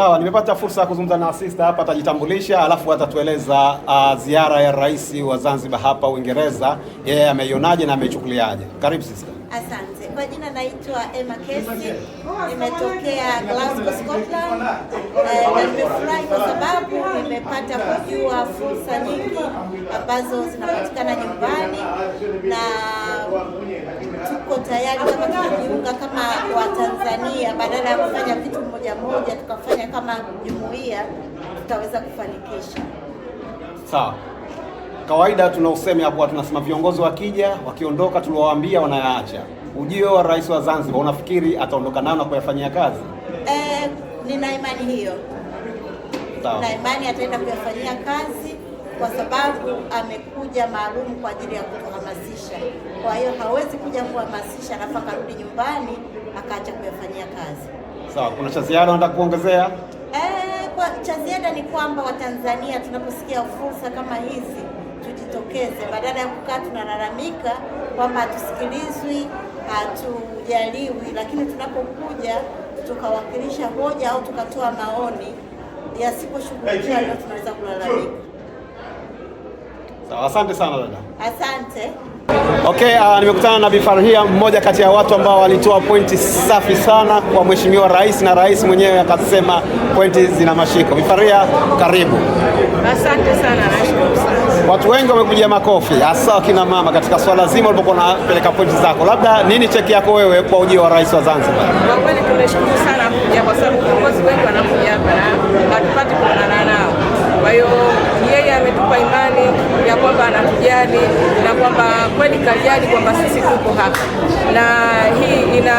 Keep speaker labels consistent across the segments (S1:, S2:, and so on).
S1: Sawa, nimepata fursa ya kuzungumza na sista hapa, atajitambulisha alafu atatueleza uh, ziara ya rais wa Zanzibar hapa Uingereza, yeye yeah, ameionaje na amechukuliaje? Karibu sista.
S2: Asante. Kwa jina naitwa Emma Kesi, nimetokea Glasgow, Scotland. Eh, nimefurahi kwa sababu tumepata kujua fursa nyingi ambazo zinapatikana nyumbani na tuko tayari kama tunajiunga kama Watanzania, badala ya kufanya vitu mmoja mmoja, tukafanya kama jumuiya, tutaweza kufanikisha.
S1: Sawa. Kawaida tuna hapo, tunasema viongozi wakija, wakiondoka, tuliwaambia wanayaacha. Ujio wa rais wa Zanzibar, unafikiri ataondoka nao na kuyafanyia kazi?
S2: Eh, nina imani hiyo na imani ataenda kuyafanyia kazi, kwa sababu amekuja maalum kwa ajili ya kutuhamasisha. Kwa hiyo hawezi kuja kuhamasisha alafu akarudi nyumbani akaacha kuyafanyia kazi.
S1: Sawa, kuna cha ziada unataka kuongezea?
S2: E, cha ziada ni kwamba Watanzania tunaposikia fursa kama hizi tujitokeze, badala ya kukaa tunalalamika kwamba hatusikilizwi, hatujaliwi, lakini tunapokuja tukawakilisha hoja au tukatoa maoni yasiposhughulikia, tunaweza kulalamika.
S1: asante sana dada.
S2: Asante.
S1: Okay, uh, nimekutana na Bi mmoja kati ya watu ambao walitoa pointi safi sana kwa Mheshimiwa Rais na Rais mwenyewe akasema pointi zina mashiko. Bi karibu.
S3: Asante sana, sana.
S1: Watu wengi wamekuja makofi, hasa wakina mama katika swala zima ulipokuwa unapeleka pointi zako. Labda nini cheki yako wewe kwa ujio wa Rais wa Zanzibar?
S3: Kwa kweli tumeshukuru sana kuja kwa 봐요. kwamba anatujali na kwamba kweli kajali kwamba sisi tuko hapa, na hii ina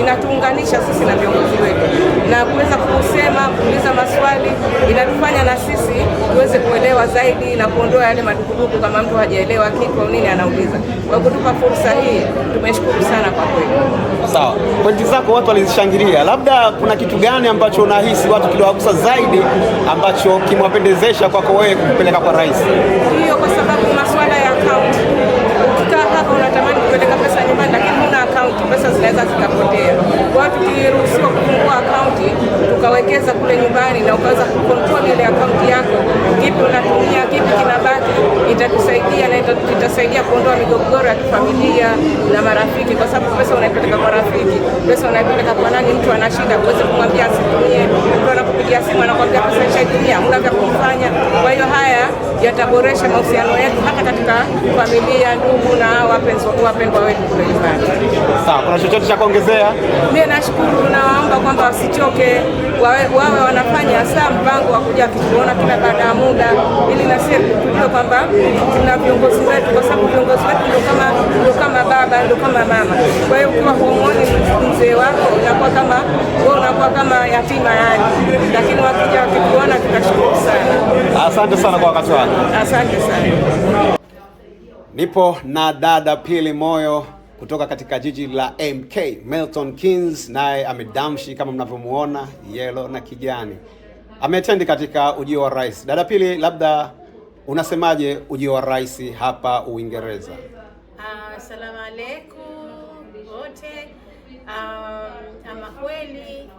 S3: inatuunganisha sisi na viongozi wetu na kuweza kusema, kuuliza maswali inatufanya na sisi tuweze kuelewa zaidi na kuondoa yale madukuduku, kama mtu hajaelewa kitu au nini anauliza. Kwa kutupa fursa hii tumeshukuru sana kwa kweli.
S1: Sawa, pointi zako watu walizishangilia. Labda kuna kitu gani ambacho unahisi watu kiliwagusa zaidi ambacho kimwapendezesha kwako wewe kumpeleka kwa rais?
S3: Hiyo ambao unatamani kupeleka pesa nyumbani, lakini huna akaunti, pesa zinaweza zikapotea. Kwa hiyo tukiruhusiwa kufungua akaunti tukawekeza kule nyumbani na ukaweza kukontrol ile akaunti yako, kipi unatumia, kipi kinabaki, itatusaidia na itasaidia kuondoa migogoro ya kifamilia na marafiki, kwa sababu pesa unaipeleka kwa rafiki, pesa unaipeleka kwa nani, mtu ana shida uweze kumwambia asitumie, mtu anakupigia simu anakwambia pesa ishaitumia, huna vya kumfanya. Kwa hiyo haya yataboresha mahusiano yetu hata katika familia, ndugu na wapenzi wapendwa wetu kule nyumbani.
S1: Sawa, kuna chochote cha kuongezea?
S3: Mimi nashukuru, nawaomba kwamba wasichoke, wawe wanafanya saa mpango wa kuja kutuona kila baada ya muda, ili na tujue kwamba tuna viongozi wetu, kwa sababu viongozi wetu ndio kama ndio kama baba, ndio kama mama. Kwa hiyo ukiwa huomoni mzee wako unakuwa kama wewe unakuwa kama yatima yani, lakini wakija wakikuona tutashukuru sana.
S1: Asante sana kwa wakati wako.
S3: Asante sana.
S1: Nipo na dada Pili Moyo kutoka katika jiji la MK Milton Keynes, naye amedamshi kama mnavyomuona yelo na kijani, ametendi katika ujio wa rais. Dada Pili, labda unasemaje ujio wa rais hapa Uingereza?
S4: Asalamu ah, uh, wote. Uh, ama kweli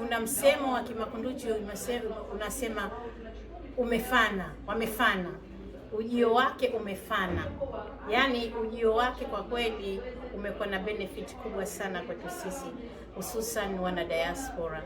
S4: kuna msemo wa Kimakunduchi unasema umefana wamefana ujio wake umefana, yaani ujio wake kwa kweli umekuwa na benefit kubwa sana kwetu sisi, hususan wana diaspora.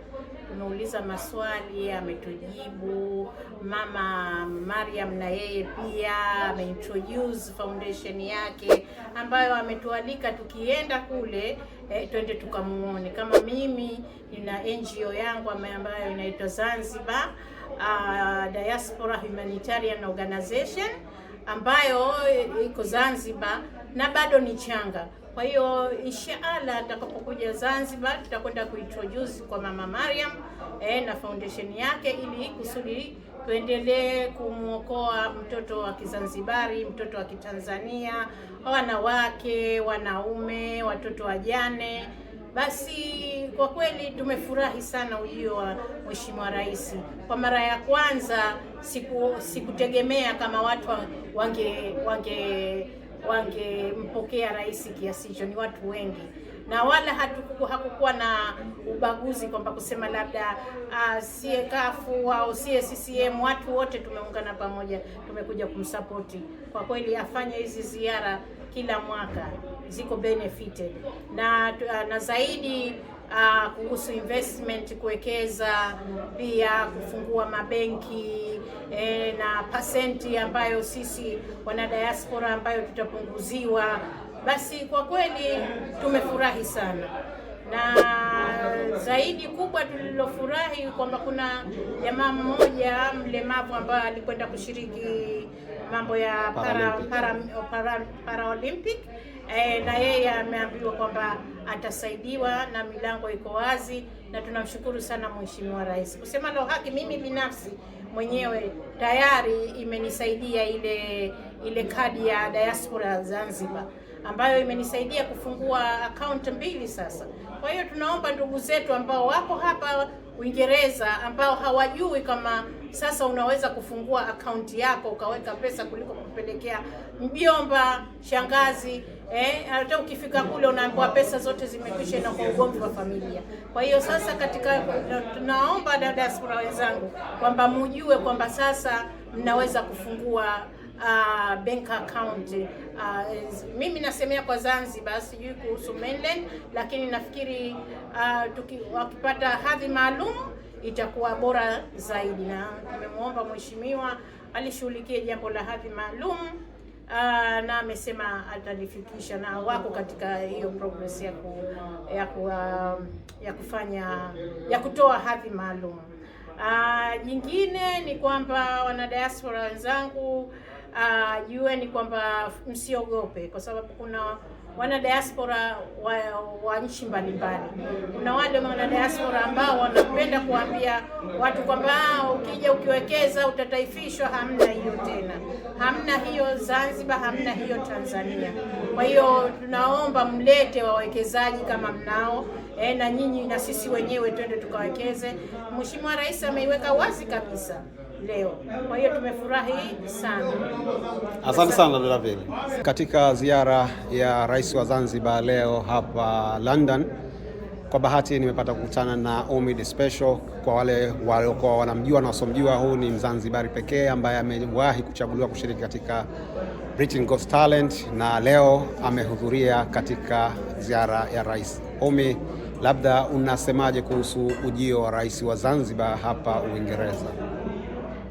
S4: Tumeuliza maswali, ametujibu. Mama Mariam na yeye pia ameintroduce foundation yake ambayo ametualika tukienda kule eh, twende tukamuone. Kama mimi nina NGO yangu ambayo inaitwa Zanzibar uh, Diaspora Humanitarian Organization ambayo iko Zanzibar na bado ni changa. Kwa hiyo inshaallah atakapokuja Zanzibar tutakwenda kuintroduce kwa Mama Mariam eh, na foundation yake ili kusudi tuendelee kumwokoa mtoto wa Kizanzibari, mtoto wa Kitanzania, wanawake, wanaume, watoto wajane. Basi kwa kweli tumefurahi sana ujio wa Mheshimiwa Rais. Kwa mara ya kwanza siku sikutegemea kama watu wange wange wangempokea rais kiasi hicho, ni watu wengi na wala hatukuku, hakukuwa na ubaguzi kwamba kusema labda uh, sie kafu au sie CCM. Watu wote tumeungana pamoja, tumekuja kumsapoti kwa kweli. Afanye hizi ziara kila mwaka, ziko benefited na, ah, na zaidi Uh, kuhusu investment kuwekeza, pia kufungua mabenki e, na pasenti ambayo sisi wana diaspora ambayo tutapunguziwa basi kwa kweli tumefurahi sana na zaidi kubwa tulilofurahi kwamba kuna jamaa mmoja mlemavu ambaye alikwenda kushiriki mambo ya Paralympic para, para, para, para e, na yeye ameambiwa kwamba atasaidiwa na milango iko wazi, na tunamshukuru sana Mheshimiwa Rais. Kusema leo haki, mimi binafsi mwenyewe tayari imenisaidia ile ile kadi ya diaspora Zanzibar ambayo imenisaidia kufungua akaunti mbili sasa. Kwa hiyo tunaomba ndugu zetu ambao wako hapa Uingereza ambao hawajui kama sasa unaweza kufungua akaunti yako ukaweka pesa kuliko kupelekea mjomba, shangazi eh, hata ukifika kule unaambiwa pesa zote zimekwisha na kwa ugomvi wa familia. Kwa hiyo sasa, katika tunaomba diaspora wenzangu kwamba mujue kwamba sasa mnaweza kufungua uh, bank account uh, mimi nasemea kwa Zanzibar, sijui kuhusu mainland, lakini nafikiri uh, tuki, wakipata hadhi maalum itakuwa bora zaidi, na nimemwomba mheshimiwa alishughulikie jambo la hadhi maalum. Uh, na amesema atalifikisha na wako katika hiyo progress ya ku, ya, ku, uh, ya kufanya ya kutoa hadhi maalum. Uh, ah, jingine ni kwamba wanadiaspora wenzangu jue, ah, ni kwamba msiogope, kwa sababu kuna diaspora wa, wa nchi mbalimbali. Kuna wale diaspora ambao wanapenda kuambia watu kwamba ah, ukija ukiwekeza utataifishwa. Hamna hiyo tena, hamna hiyo Zanzibar, hamna hiyo Tanzania. Kwa hiyo tunaomba mlete wawekezaji kama mnao e, na nyinyi na sisi wenyewe twende tukawekeze. Mheshimiwa Rais ameiweka wazi kabisa leo, kwa hiyo tumefurahi sana.
S1: Asante sana dada Veli. Katika ziara ya Rais wa Zanzibar leo hapa London, kwa bahati nimepata kukutana na Omid Special. Kwa wale waliokuwa wanamjua na wasomjua, huu ni Mzanzibari pekee ambaye amewahi kuchaguliwa kushiriki katika Britain Got Talent na leo amehudhuria katika ziara ya rais Omid. Labda unasemaje kuhusu ujio wa rais wa Zanzibar hapa Uingereza?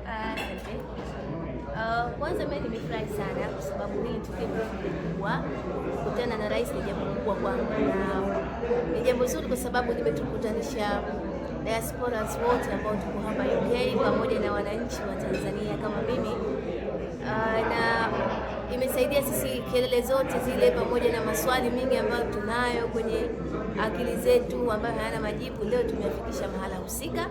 S2: Uh, eh, uh, kwanza mimi nimefurahi sana kwa sababu hili tukio kubwa, kukutana na rais ni jambo kubwa kwangu, na ni jambo zuri kwa sababu limetukutanisha diaspora wote ambao tuko hapa UK pamoja na wananchi wa Tanzania kama mimi uh, na imesaidia sisi kelele zote zile, pamoja na maswali mengi ambayo tunayo kwenye akili zetu ambayo hayana majibu, leo tumeafikisha mahala husika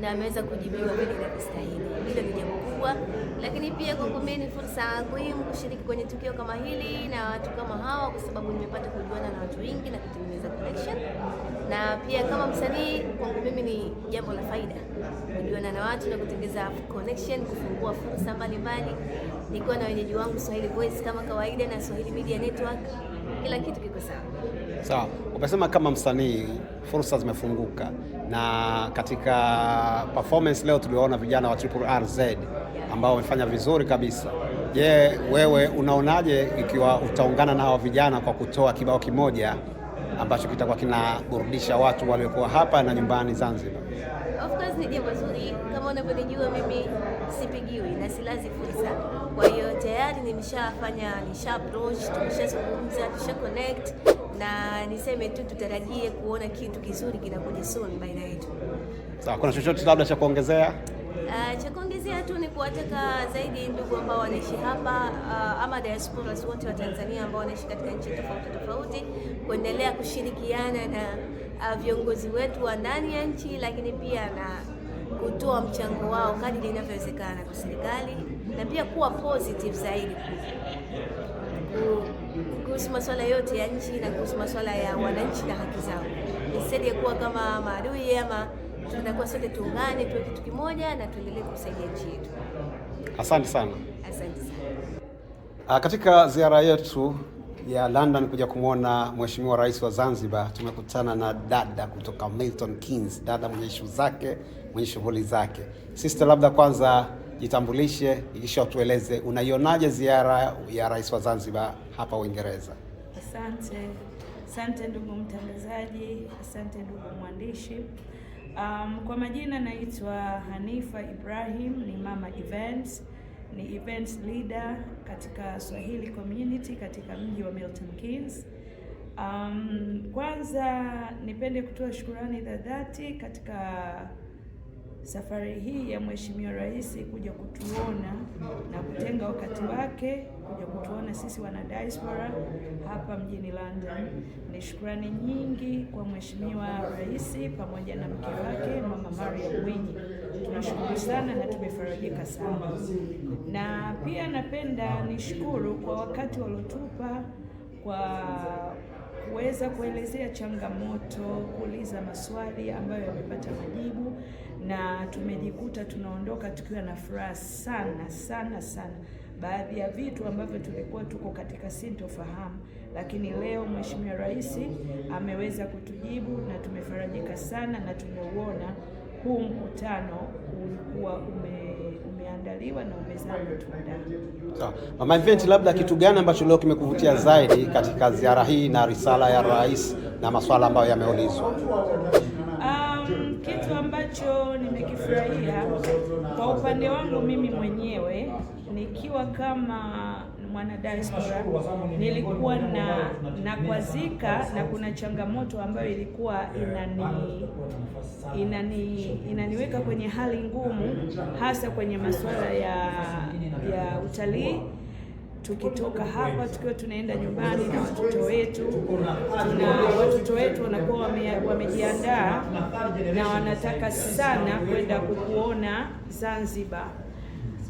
S2: na ameweza kujibiwa vile inavyostahili. Hilo ni jambo kubwa, lakini pia kwa mimi ni fursa adhimu kushiriki kwenye tukio kama hili na watu kama hawa, kwa sababu nimepata kujuana na watu wengi na kutengeneza connection, na pia kama msanii kwangu mimi ni jambo la faida kujuana na watu na kutengeneza connection, kufungua fursa mbalimbali. Nilikuwa na wenyeji wangu Swahili Voice kama kawaida na Swahili Media Network kila kitu kiko sawa.
S1: Sawa, umesema kama msanii fursa zimefunguka, na katika performance leo tuliona vijana wa Triple RZ ambao wamefanya vizuri kabisa. Je, wewe unaonaje ikiwa utaungana na hawa vijana kwa kutoa kibao kimoja ambacho kitakuwa kinaburudisha watu waliokuwa hapa na nyumbani Zanzibar?
S2: Of course ni jambo zuri, kama unavyonijua mimi sipigiwi na silazi fursa. Kwa hiyo tayari nimeshafanya, nisha approach, tumeshazungumza, tusha connect na niseme tu tutarajie kuona kitu kizuri kinakuja soon baina yetu.
S1: Sawa, kuna chochote labda cha kuongezea?
S2: Uh, cha kuongezea tu ni kuwataka zaidi ndugu ambao wanaishi hapa uh, ama diaspora wote wa Tanzania ambao wanaishi katika nchi tofauti tofauti kuendelea kushirikiana na Uh, viongozi wetu wa ndani ya nchi, lakini pia na kutoa mchango wao kadri inavyowezekana kwa serikali, na pia kuwa positive zaidi kuhusu masuala yote ya nchi na kuhusu masuala ya wananchi na haki zao, instead ya kuwa kama maadui ama tunakuwa sote tuungane, tuwe kitu kimoja na tuendelee kusaidia nchi yetu. Asante sana, asante sana.
S1: Uh, katika ziara yetu ya London kuja kumwona Mheshimiwa Rais wa Zanzibar, tumekutana na dada kutoka Milton Keynes, dada mwenye ishu zake, mwenye shughuli zake. Sister, labda kwanza jitambulishe, ikisha tueleze unaionaje ziara ya Rais wa Zanzibar hapa Uingereza?
S5: Asante, asante ndugu mtangazaji, asante ndugu mwandishi. Um, kwa majina naitwa Hanifa Ibrahim, ni mama events ni events leader katika Swahili community katika mji wa Milton Keynes. Um, kwanza nipende kutoa shukurani za dhati katika safari hii ya Mheshimiwa Rais kuja kutuona na kutenga wakati wake kuja kutuona sisi wana diaspora hapa mjini London. Ni shukurani nyingi kwa Mheshimiwa Rais pamoja na mke wake Mama Maria Mwinyi tunashukuru sana na tumefarajika sana, na pia napenda nishukuru kwa wakati waliotupa kwa kuweza kuelezea changamoto, kuuliza maswali ambayo yamepata majibu, na tumejikuta tunaondoka tukiwa na furaha sana sana sana. Baadhi ya vitu ambavyo tulikuwa tuko katika sintofahamu, lakini leo Mheshimiwa Rais ameweza kutujibu na tumefarajika sana na tumeuona huu mkutano ulikuwa ume, umeandaliwa na umezaa matunda.
S1: Mama Event, labda kitu gani ambacho leo kimekuvutia zaidi katika ziara hii na risala ya rais na masuala ambayo yameulizwa?
S5: Um, kitu ambacho nimekifurahia kwa upande wangu mimi mwenyewe nikiwa kama mwana diaspora nilikuwa na nakwazika na kuna changamoto ambayo ilikuwa eh, inani, inani, inaniweka kwenye hali ngumu, eh, eh, hasa kwenye masuala ya, ya utalii tukitoka hapa tukiwa tunaenda nyumbani na watoto wetu, na watoto wetu wanakuwa wamejiandaa na wanataka sana kwenda kukuona Zanzibar.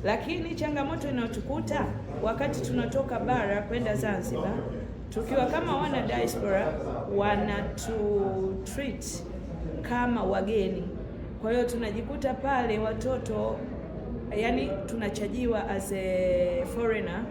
S5: Lakini changamoto inayotukuta wakati tunatoka bara kwenda Zanzibar, tukiwa kama wana diaspora, treat kama wageni. Kwa hiyo tunajikuta pale watoto, yani tunachajiwa as a foreigner.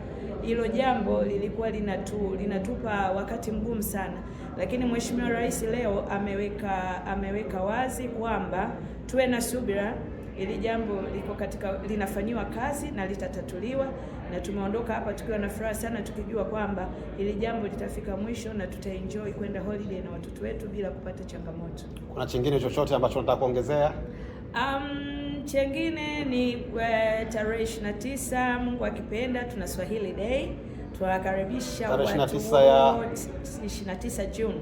S5: Hilo jambo lilikuwa linatu, linatupa wakati mgumu sana, lakini Mheshimiwa Rais leo ameweka ameweka wazi kwamba tuwe na subira. Hili jambo liko katika linafanyiwa kazi na litatatuliwa, na tumeondoka hapa tukiwa na furaha sana, tukijua kwamba hili jambo litafika mwisho na tutaenjoy kwenda holiday na watoto wetu bila kupata changamoto.
S1: Kuna chingine chochote ambacho nataka kuongezea?
S5: Um, chengine ni uh, tarehe tisa Mungu akipenda, tuna Swahili Day tunawakaribisha watu 29 ya 29 June.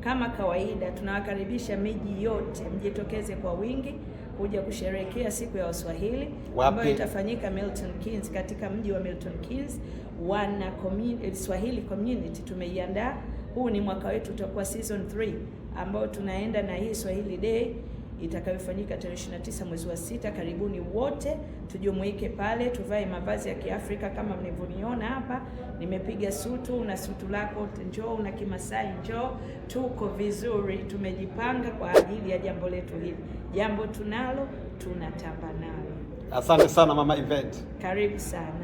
S5: Kama kawaida tunawakaribisha miji yote, mjitokeze kwa wingi kuja kusherehekea siku ya Waswahili ambayo itafanyika Milton Keynes, katika mji wa Milton Keynes. Wana community, eh, Swahili community tumeiandaa. Huu ni mwaka wetu, utakuwa season 3 ambao tunaenda na hii Swahili Day itakayofanyika tarehe 29 mwezi wa sita. Karibuni wote tujumuike pale, tuvae mavazi ya Kiafrika kama mlivyoniona hapa, nimepiga sutu na sutu lako, njoo na Kimasai, njoo. Tuko vizuri, tumejipanga kwa ajili ya jambo letu hili, jambo tunalo tunatamba nalo.
S1: Asante sana mama event,
S5: karibu sana.